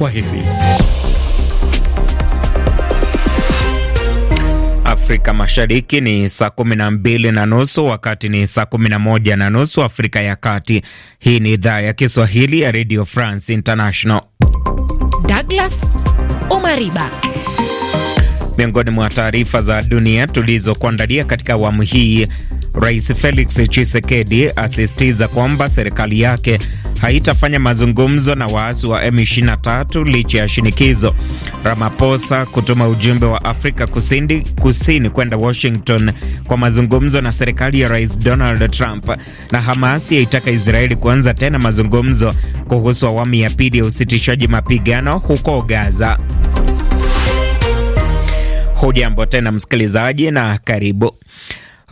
Kwa heri. Afrika Mashariki ni saa kumi na mbili na nusu wakati ni saa kumi na moja na nusu Afrika ya Kati. Hii ni idhaa ya Kiswahili ya Radio France International. Douglas Omariba, miongoni mwa taarifa za dunia tulizokuandalia katika awamu hii, Rais Felix Tshisekedi asisitiza kwamba serikali yake haitafanya mazungumzo na waasi wa M23 licha ya shinikizo. Ramaphosa kutuma ujumbe wa Afrika Kusini, Kusini kwenda Washington kwa mazungumzo na serikali ya Rais Donald Trump. Na hamasi yaitaka Israeli kuanza tena mazungumzo kuhusu awamu ya pili ya usitishaji mapigano huko Gaza. Hujambo tena msikilizaji, na karibu.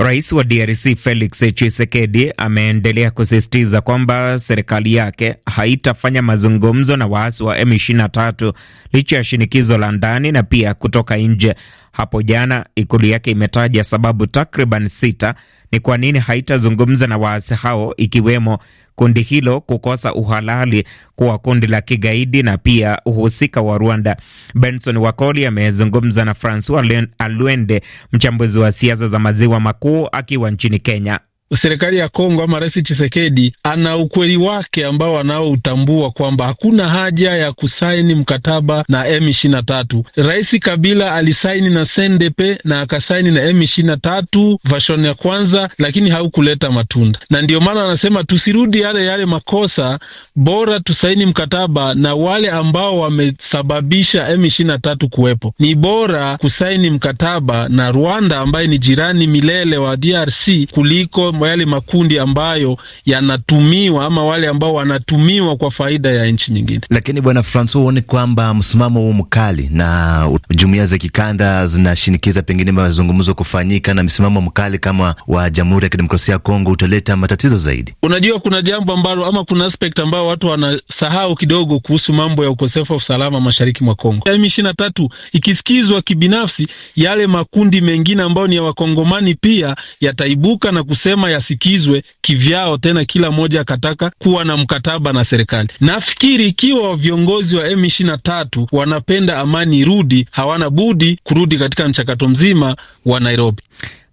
Rais wa DRC Felix Tshisekedi ameendelea kusisitiza kwamba serikali yake haitafanya mazungumzo na waasi wa M23 licha ya shinikizo la ndani na pia kutoka nje. Hapo jana ikulu yake imetaja sababu takriban sita ni kwa nini haitazungumza na waasi hao ikiwemo kundi hilo kukosa uhalali kuwa kundi la kigaidi na pia uhusika wa Rwanda. Benson Wakoli amezungumza na Francois Alwende, mchambuzi wa siasa za maziwa makuu akiwa nchini Kenya serikali ya Kongo ama Rais Chisekedi ana ukweli wake ambao anaoutambua kwamba hakuna haja ya kusaini mkataba na M ishirini na tatu. Rais Kabila alisaini na Sendepe na akasaini na M ishirini na tatu vashon ya kwanza, lakini haukuleta matunda, na ndio maana anasema tusirudi yale yale makosa, bora tusaini mkataba na wale ambao wamesababisha M ishirini na tatu kuwepo. Ni bora kusaini mkataba na Rwanda ambaye ni jirani milele wa DRC kuliko yale makundi ambayo yanatumiwa ama wale ambao wanatumiwa kwa faida ya nchi nyingine. Lakini bwana Francois, huoni kwamba msimamo huu mkali na jumuiya za kikanda zinashinikiza pengine mazungumzo kufanyika na msimamo mkali kama wa Jamhuri ya Kidemokrasia ya Kongo utaleta matatizo zaidi? Unajua, kuna jambo ambalo ama kuna aspect ambayo watu wanasahau kidogo kuhusu mambo ya ukosefu wa usalama mashariki mwa Kongo. M23 ikisikizwa kibinafsi, yale makundi mengine ambayo ni ya wakongomani pia yataibuka na kusema yasikizwe kivyao, tena kila mmoja akataka kuwa na mkataba na serikali. Nafikiri ikiwa viongozi wa M23 wanapenda amani irudi, hawana budi kurudi katika mchakato mzima wa Nairobi.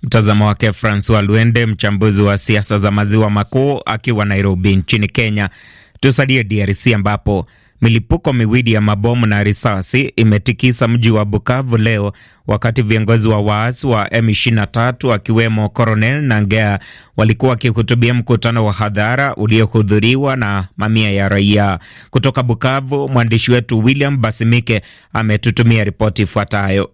Mtazamo wake Francois Luende, mchambuzi wa siasa za maziwa makuu, akiwa Nairobi nchini Kenya. Tusalie DRC ambapo Milipuko miwili ya mabomu na risasi imetikisa mji wa Bukavu leo wakati viongozi wa waasi wa M23 akiwemo Coronel Nangea walikuwa wakihutubia mkutano wa hadhara uliohudhuriwa na mamia ya raia. Kutoka Bukavu, mwandishi wetu William Basimike ametutumia ripoti ifuatayo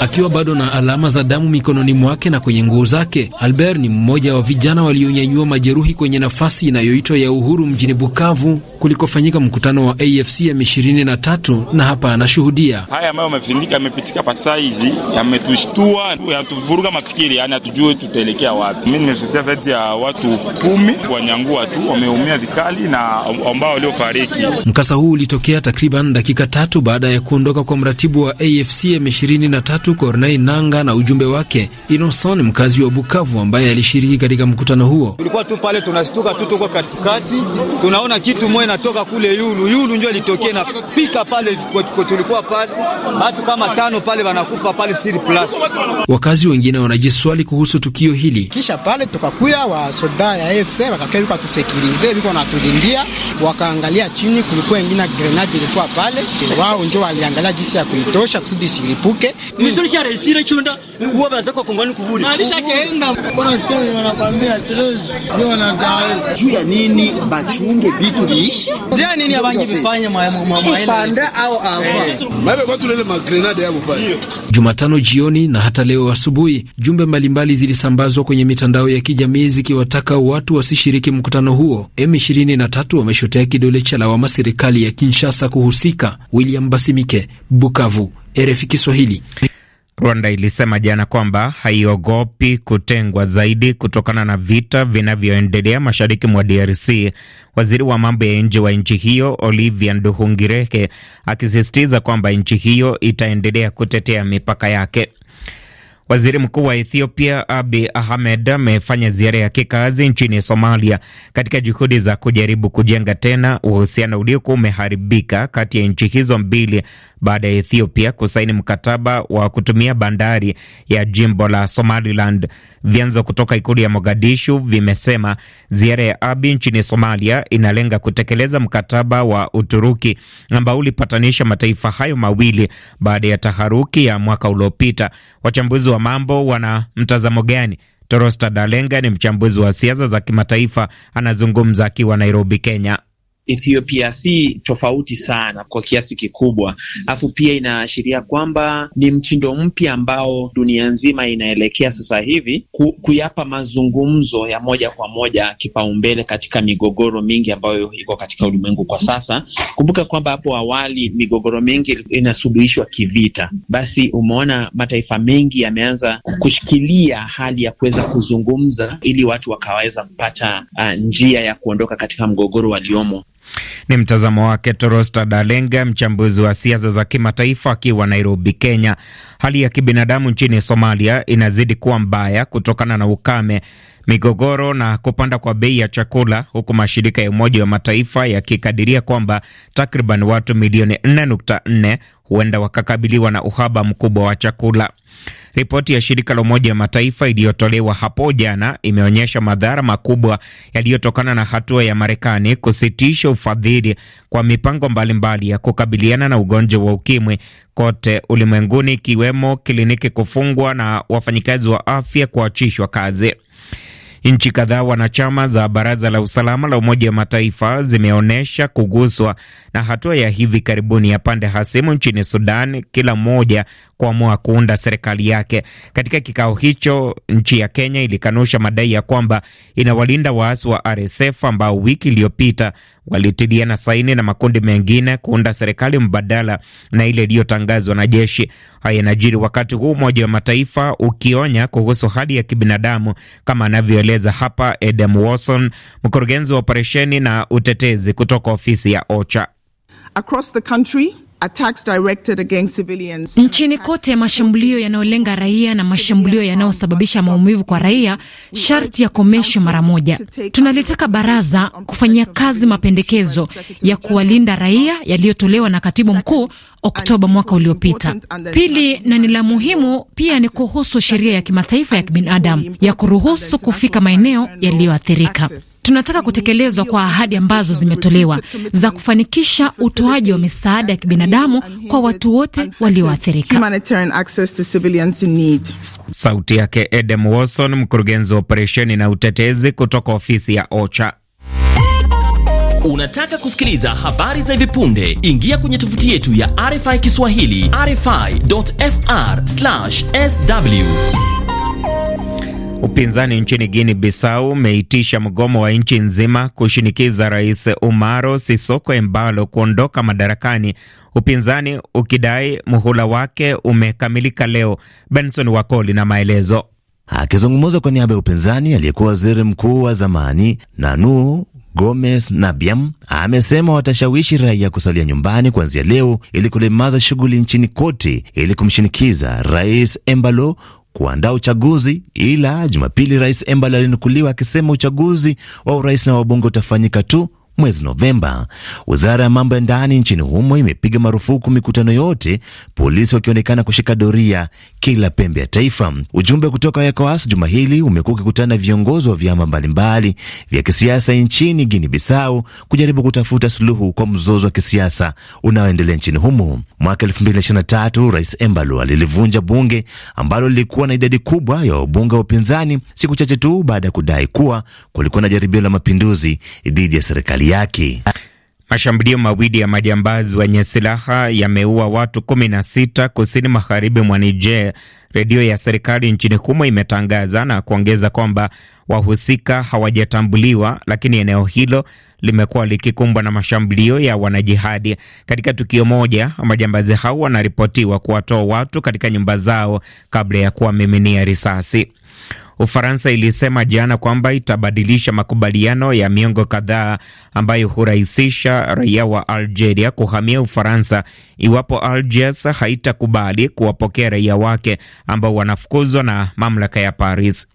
akiwa bado na alama za damu mikononi mwake na kwenye nguo zake. Albert ni mmoja wa vijana walionyanyua majeruhi kwenye nafasi inayoitwa ya uhuru mjini Bukavu kulikofanyika mkutano wa AFC M23, na hapa anashuhudia haya ambayo yamefanyika, yamepitika pasaizi, yametushtua, yatuvuruga mafikiri, yani hatujue tutaelekea wapi. mi nimetetea zaidi ya watu kumi wanyangua tu, wameumia vikali na ambao waliofariki. Mkasa huu ulitokea takriban dakika tatu baada ya kuondoka kwa mratibu wa AFC M23 23 Corneille Nanga na ujumbe wake Inosoni, mkazi wa Bukavu ambaye alishiriki katika mkutano huo. Tulikuwa tu pale tunashtuka tu, tuko katikati, tunaona kitu moja natoka kule yulu yulu, njo ilitokea na pika pale, tulikuwa pale watu kama tano pale wanakufa pale siri plus. Wakazi wengine wanajiswali kuhusu tukio hili. Kisha pale tukakuya wa soda ya FC wakakaa yuko tusekirize yuko natulindia, wakaangalia chini, kulikuwa wengine grenade ilikuwa pale, wao njo waliangalia jinsi ya kuitosha kusudi isilipuke Mwisho cha resira chunda uwa baza kwa kongwani kuhuri Malisha keenda Mbona sikia ni wanakwambia tres ni wanadai. Juu ya nini bachunge bitu niishi Zia nini abangi vifanye mwaina. Ipanda au afa. Eh. Mabe kwa tulele magrenade ya pale. Jumatano jioni na hata leo asubuhi jumbe mbalimbali zilisambazwa kwenye mitandao ya kijamii zikiwataka watu wasishiriki mkutano huo. M23 wameshotea kidole cha lawama serikali ya Kinshasa kuhusika. William Basimike, Bukavu. RFI Kiswahili. Rwanda ilisema jana kwamba haiogopi kutengwa zaidi kutokana na vita vinavyoendelea mashariki mwa DRC. Waziri wa mambo ya nje wa nchi hiyo Olivia Nduhungirehe akisisitiza kwamba nchi hiyo itaendelea kutetea mipaka yake. Waziri mkuu wa Ethiopia Abi Ahmed amefanya ziara ya kikazi nchini Somalia katika juhudi za kujaribu kujenga tena uhusiano uliokuwa umeharibika kati ya nchi hizo mbili baada ya Ethiopia kusaini mkataba wa kutumia bandari ya jimbo la Somaliland. Vyanzo kutoka ikulu ya Mogadishu vimesema ziara ya Abi nchini Somalia inalenga kutekeleza mkataba wa Uturuki ambao ulipatanisha mataifa hayo mawili baada ya taharuki ya mwaka uliopita. Wachambuzi wa mambo wana mtazamo gani? Torosta Dalenga ni mchambuzi wa siasa za kimataifa, anazungumza akiwa Nairobi, Kenya. Ethiopia si tofauti sana kwa kiasi kikubwa, alafu pia inaashiria kwamba ni mtindo mpya ambao dunia nzima inaelekea sasa hivi ku, kuyapa mazungumzo ya moja kwa moja kipaumbele katika migogoro mingi ambayo iko katika ulimwengu kwa sasa. Kumbuka kwamba hapo awali migogoro mingi inasuluhishwa kivita, basi umeona mataifa mengi yameanza kushikilia hali ya kuweza kuzungumza ili watu wakaweza kupata uh, njia ya kuondoka katika mgogoro waliomo. Ni mtazamo wake Torosta Dalenga, mchambuzi wa siasa za kimataifa akiwa Nairobi, Kenya. Hali ya kibinadamu nchini Somalia inazidi kuwa mbaya kutokana na ukame, migogoro na kupanda kwa bei ya chakula, huku mashirika ya Umoja wa Mataifa yakikadiria kwamba takriban watu milioni 4.4 huenda wakakabiliwa na uhaba mkubwa wa chakula. Ripoti ya shirika la Umoja wa Mataifa iliyotolewa hapo jana imeonyesha madhara makubwa yaliyotokana na hatua ya Marekani kusitisha ufadhili kwa mipango mbalimbali mbali ya kukabiliana na ugonjwa wa ukimwi kote ulimwenguni, ikiwemo kliniki kufungwa na wafanyikazi wa afya kuachishwa kazi. Nchi kadhaa wanachama za Baraza la Usalama la Umoja wa Mataifa zimeonyesha kuguswa na hatua ya hivi karibuni ya pande hasimu nchini Sudan, kila mmoja kuamua kuunda serikali yake. Katika kikao hicho, nchi ya Kenya ilikanusha madai ya kwamba inawalinda waasi wa RSF ambao wiki iliyopita walitiliana saini na makundi mengine kuunda serikali mbadala na ile iliyotangazwa na jeshi. Haya yanajiri wakati huu Umoja wa Mataifa ukionya kuhusu hali ya kibinadamu kama anavyoeleza anaeleza hapa Adam Watson, mkurugenzi wa operesheni na utetezi kutoka ofisi ya OCHA. Across the country, Attacks directed against civilians. Nchini kote mashambulio yanayolenga raia na mashambulio yanayosababisha maumivu kwa raia sharti ya komesho mara moja. Tunalitaka baraza kufanyia kazi mapendekezo ya kuwalinda raia yaliyotolewa na katibu mkuu Oktoba mwaka uliopita. Pili, na ni la muhimu pia, ni kuhusu sheria ya kimataifa ya kibinadamu ya kuruhusu kufika maeneo yaliyoathirika. Tunataka kutekelezwa kwa ahadi ambazo zimetolewa za kufanikisha utoaji wa misaada ya kibinadamu kwa watu wote walioathirika. Sauti yake Edem Wilson, mkurugenzi wa operesheni na utetezi kutoka ofisi ya OCHA. Unataka kusikiliza habari za hivi punde? Ingia kwenye tovuti yetu ya RFI Kiswahili, rfi.fr/sw. Upinzani nchini guini Bissau umeitisha mgomo wa nchi nzima kushinikiza Rais Umaro Sisoko Embalo kuondoka madarakani, upinzani ukidai muhula wake umekamilika leo. Benson Wakoli na maelezo. Akizungumza kwa niaba ya upinzani, aliyekuwa waziri mkuu wa zamani Nanu Gomes Nabiam amesema watashawishi raia kusalia nyumbani kuanzia leo ili kulemaza shughuli nchini kote ili kumshinikiza Rais Embalo kuandaa uchaguzi. Ila Jumapili, Rais Embalo alinukuliwa akisema uchaguzi wa urais na wabunge utafanyika tu mwezi Novemba. Wizara ya mambo ya ndani nchini humo imepiga marufuku mikutano yote, polisi wakionekana kushika doria kila pembe ya taifa. Ujumbe kutoka ECOWAS juma hili umekuwa ukikutana na viongozi wa vyama mbalimbali vya kisiasa nchini Guinea Bissau kujaribu kutafuta suluhu kwa mzozo wa kisiasa unaoendelea nchini humo. Mwaka 2023 Rais Embalo alilivunja bunge ambalo lilikuwa na idadi kubwa ya wabunge wa upinzani siku chache tu baada ya kudai kuwa kulikuwa na jaribio la mapinduzi dhidi ya serikali mali yake. Mashambulio mawili ya majambazi wenye silaha yameua watu kumi na sita kusini magharibi mwa Niger, redio ya serikali nchini humo imetangaza na kuongeza kwamba wahusika hawajatambuliwa, lakini eneo hilo limekuwa likikumbwa na mashambulio ya wanajihadi. Katika tukio moja, majambazi hao wanaripotiwa kuwatoa watu katika nyumba zao kabla ya kuwamiminia risasi. Ufaransa ilisema jana kwamba itabadilisha makubaliano ya miongo kadhaa ambayo hurahisisha raia wa Algeria kuhamia Ufaransa iwapo Algiers haitakubali kuwapokea raia wake ambao wanafukuzwa na mamlaka ya Paris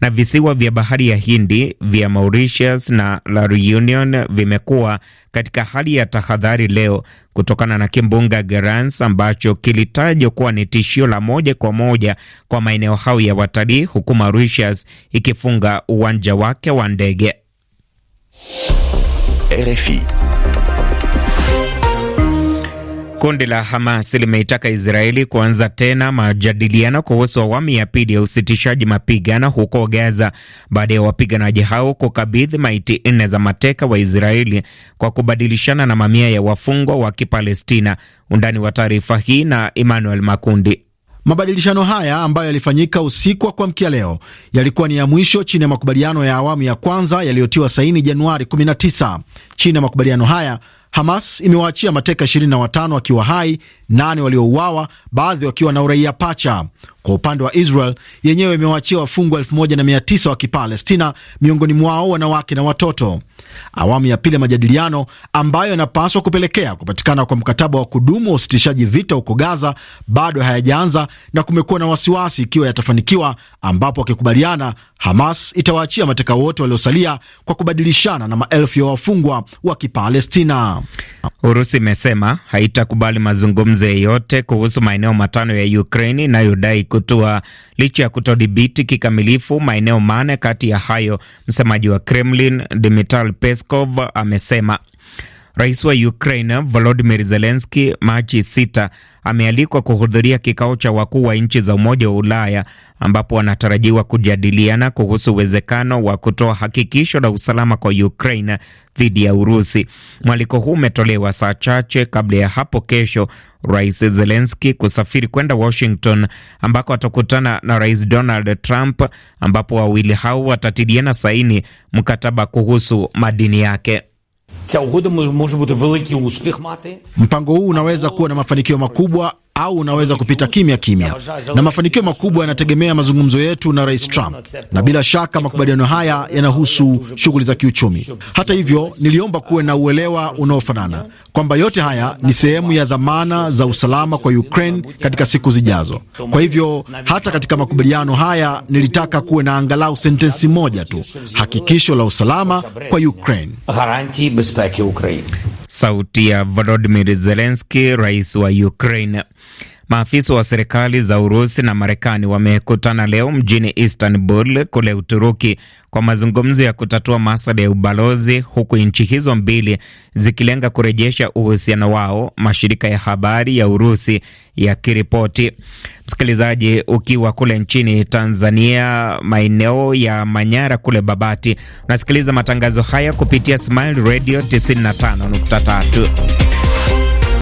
na visiwa vya bahari ya Hindi vya Mauritius na La Reunion vimekuwa katika hali ya tahadhari leo kutokana na kimbunga grans ambacho kilitajwa kuwa ni tishio la moja kwa moja kwa maeneo hayo ya watalii, huku Mauritius ikifunga uwanja wake wa ndege. RFI Kundi la Hamas limeitaka Israeli kuanza tena majadiliano kuhusu awamu ya pili ya usitishaji mapigano huko Gaza baada ya wapiganaji hao kukabidhi maiti nne za mateka wa Israeli kwa kubadilishana na mamia ya wafungwa wa Kipalestina. Undani wa taarifa hii na Emmanuel Makundi. Mabadilishano haya ambayo yalifanyika usiku wa kuamkia leo yalikuwa ni ya mwisho chini ya makubaliano ya awamu ya kwanza yaliyotiwa saini Januari 19. Chini ya makubaliano haya Hamas imewaachia mateka 25 wakiwa hai, nane waliouawa, baadhi wakiwa na uraia pacha. Kwa upande wa Israel yenyewe imewaachia wafungwa 19 wa Kipalestina, miongoni mwao wanawake na watoto. Awamu ya pili ya majadiliano ambayo yanapaswa kupelekea kupatikana kwa mkataba wa kudumu wa usitishaji vita huko Gaza bado hayajaanza na kumekuwa na wasiwasi ikiwa yatafanikiwa, ambapo wakikubaliana, Hamas itawaachia mateka wote waliosalia kwa kubadilishana na maelfu ya wafungwa wa Kipalestina. Urusi imesema haitakubali mazungumzo yeyote kuhusu maeneo matano ya Ukraini inayodai kutua licha ya kutodhibiti kikamilifu maeneo mane kati ya hayo. Msemaji wa Kremlin dmital Peskov amesema Rais wa Ukraine volodimir zelenski Machi sita amealikwa kuhudhuria kikao cha wakuu wa nchi za Umoja wa Ulaya ambapo wanatarajiwa kujadiliana kuhusu uwezekano wa kutoa hakikisho la usalama kwa Ukraine dhidi ya Urusi. Mwaliko huu umetolewa saa chache kabla ya hapo kesho Rais zelenski kusafiri kwenda Washington ambako atakutana na Rais Donald Trump ambapo wawili hao watatidiana saini mkataba kuhusu madini yake. Ця угода може бути великий успіх мати. mpango huu unaweza kuwa na mafanikio makubwa au unaweza kupita kimya kimya, na mafanikio makubwa yanategemea mazungumzo yetu na Rais Trump, na bila shaka makubaliano haya yanahusu shughuli za kiuchumi. Hata hivyo, niliomba kuwe na uelewa unaofanana kwamba yote haya ni sehemu ya dhamana za usalama kwa Ukraine katika siku zijazo. Kwa hivyo, hata katika makubaliano haya nilitaka kuwe na angalau sentensi moja tu, hakikisho la usalama kwa Ukraine. Sauti ya Volodymyr Zelensky, rais wa Ukraine. Maafisa wa serikali za Urusi na Marekani wamekutana leo mjini Istanbul kule Uturuki kwa mazungumzo ya kutatua masuala ya ubalozi, huku nchi hizo mbili zikilenga kurejesha uhusiano wao, mashirika ya habari ya Urusi yakiripoti. Msikilizaji, ukiwa kule nchini Tanzania, maeneo ya Manyara kule Babati, unasikiliza matangazo haya kupitia Smile Radio 95.3.